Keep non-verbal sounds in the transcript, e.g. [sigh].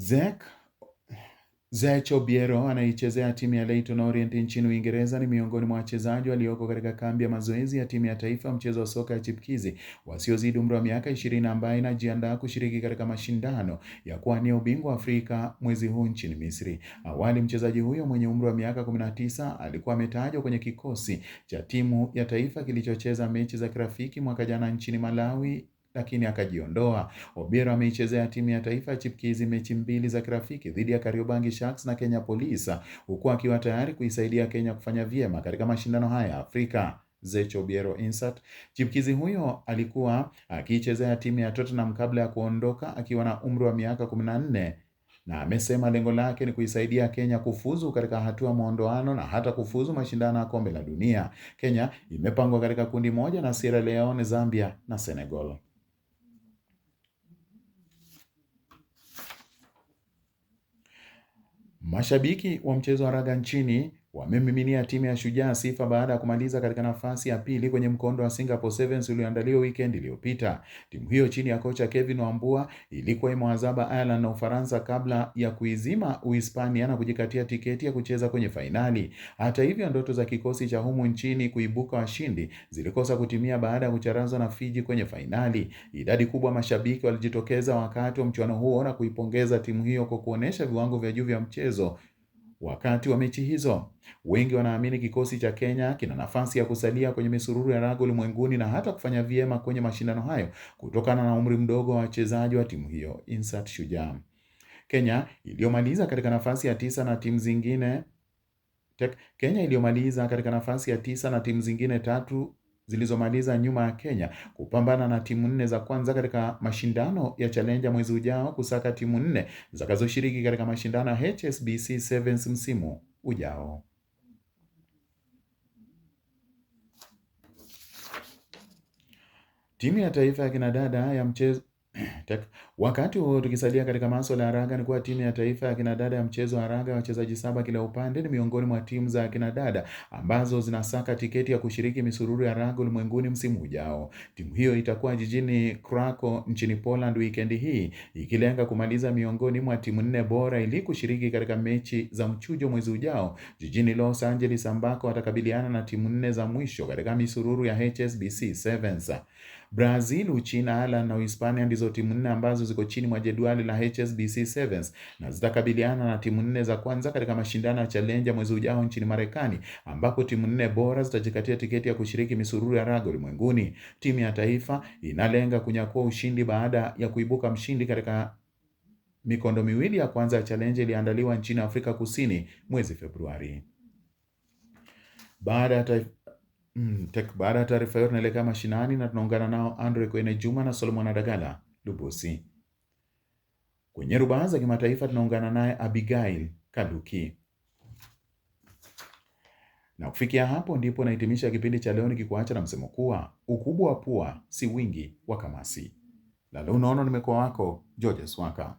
Zek Zach Obiero anayeichezea timu ya Leyton Orient nchini Uingereza ni miongoni mwa wachezaji walioko katika kambi ya mazoezi ya timu ya taifa mchezo wa soka ya chipkizi wasiozidi umri wa miaka ishirini ambaye inajiandaa kushiriki katika mashindano ya kuwania ubingwa Afrika mwezi huu nchini Misri. Awali mchezaji huyo mwenye umri wa miaka 19 alikuwa ametajwa kwenye kikosi cha timu ya taifa kilichocheza mechi za kirafiki mwaka jana nchini Malawi lakini akajiondoa. Obiero ameichezea timu ya taifa chipkizi mechi mbili za kirafiki dhidi ya Kariobangi Sharks na Kenya Police, huku akiwa tayari kuisaidia Kenya kufanya vyema katika mashindano haya ya Afrika. Zecho Biero Insert. Chipkizi huyo alikuwa akiichezea timu ya Tottenham kabla ya kuondoka akiwa na umri wa miaka 14 na amesema lengo lake ni kuisaidia Kenya kufuzu katika hatua mwondoano na hata kufuzu mashindano ya kombe la dunia. Kenya imepangwa katika kundi moja na Sierra Leone, Zambia na Senegal. Mashabiki wa mchezo wa raga nchini wamemiminia timu ya Shujaa sifa baada ya kumaliza katika nafasi ya pili kwenye mkondo wa Singapore Sevens ulioandaliwa weekend iliyopita. Timu hiyo chini ya kocha Kevin Wambua ilikuwa imewazaba Ireland na Ufaransa kabla ya kuizima Uhispania na kujikatia tiketi ya kucheza kwenye fainali. Hata hivyo, ndoto za kikosi cha humu nchini kuibuka washindi zilikosa kutimia baada ya kucharazwa na Fiji kwenye fainali. Idadi kubwa mashabiki walijitokeza wakati wa mchuano huo na kuipongeza timu hiyo kwa kuonyesha viwango vya juu vya mchezo wakati wa mechi hizo. Wengi wanaamini kikosi cha Kenya kina nafasi ya kusalia kwenye misururu ya raga ulimwenguni na hata kufanya vyema kwenye mashindano hayo kutokana na umri mdogo wa wachezaji wa timu hiyo. Insert Shujaa. Kenya iliyomaliza katika nafasi ya tisa na timu zingine Kenya iliyomaliza katika nafasi ya tisa na timu zingine tatu zilizomaliza nyuma ya Kenya kupambana na timu nne za kwanza katika mashindano ya Challenger mwezi ujao kusaka timu nne zitakazoshiriki katika mashindano ya HSBC Sevens msimu ujao. Timu ya taifa ya kinadada ya mchezo [clears throat] Wakati huo tukisalia katika masuala ya raga, ni kuwa timu ya taifa ya kinadada ya mchezo wa raga wachezaji saba kila upande ni miongoni mwa timu za kinadada ambazo zinasaka tiketi ya kushiriki misururu ya raga ulimwenguni msimu ujao. Timu hiyo itakuwa jijini Krakow nchini Poland wikendi hii ikilenga kumaliza miongoni mwa timu nne bora ili kushiriki katika mechi za mchujo mwezi ujao jijini Los Angeles, ambako watakabiliana na timu nne za mwisho katika misururu ya HSBC Sevens. Brazil, Uchina, Ireland na Uhispania hizo timu nne ambazo ziko chini mwa jedwali la HSBC Sevens na zitakabiliana na timu nne za kwanza katika mashindano ya Challenger mwezi ujao nchini Marekani, ambapo timu nne bora zitajikatia tiketi ya kushiriki misururu ya raga ulimwenguni. Timu ya taifa inalenga kunyakua ushindi baada ya kuibuka mshindi katika mikondo miwili ya kwanza ya Challenger iliandaliwa nchini Afrika Kusini mwezi Februari. Baada ya taif... mm, tek... baada ya taarifa hiyo tunaelekea mashinani na tunaungana nao Andre Kwene Juma na Solomon Adagala. Lubosi. Kwenye rubaa za kimataifa tunaungana naye Abigail Kaduki. Na kufikia hapo ndipo nahitimisha kipindi cha leo nikikuacha na msemo kuwa ukubwa wa pua si wingi wa kamasi. Na leo unaona, nimekuwa wako George Swaka.